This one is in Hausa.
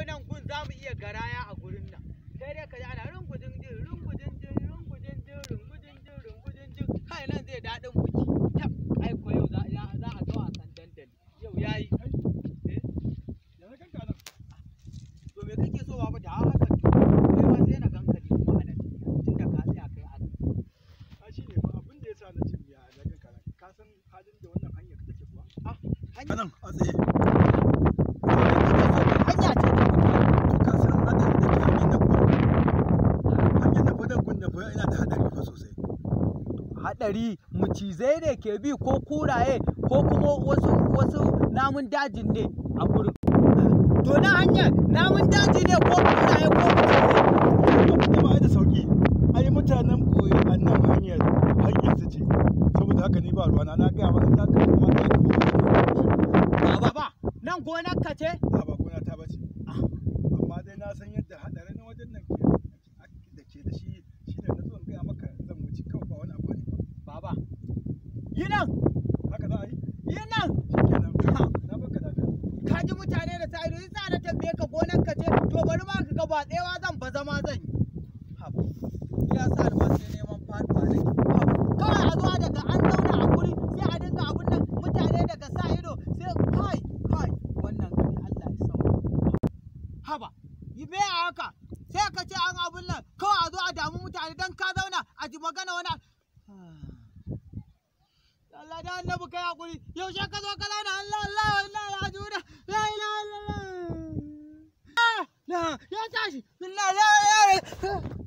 kawai nan gun za mu iya garaya a gurin nan sai dai ka ji ana rungudin din rungudin din rungudin din rungudin din rungudin din kai nan zai daɗin buki tab ai ko yau za a a dandali yau yayi eh? to me kake so babu da haka kai ma sai na ganka ne kuma a nan a na cin na ka san halin da wannan hanyar take ah, fa yana da haɗari fa sosai hadari mucizai ne ke bi ko kuraye ko kuma wasu wasu namun dajin ne a gurin to na hanyar namun daji ne ko kuraye ko mucizai kuma ai da sauki ai mutanen boye annan hanyar hanyar su ce saboda haka ni ba ruwa na gaya ba za ka kuma ba ba ba nan gonar ka ce ba ba gona ta bace ah. amma dai na san yadda haɗarin yi nan haka za a yi yi nan ka ji mutane da sa'ido yi sa na tambaye ka gonan ka ce to bari ma ka ba tsewa zan ba zama zan yi ya sa da masu neman faduwa ne kawai a zuwa daga an zauna a guri sai a dinga abun nan mutane daga sa'ido sai kai kai wannan kai Allah ya sauka haba yi bai haka sai ka ce an abun da annabi kai hakuri yaushe ka zo kana na Allah Allah wallahi juna la ilaha illallah ah, ya tashi billahi la ilaha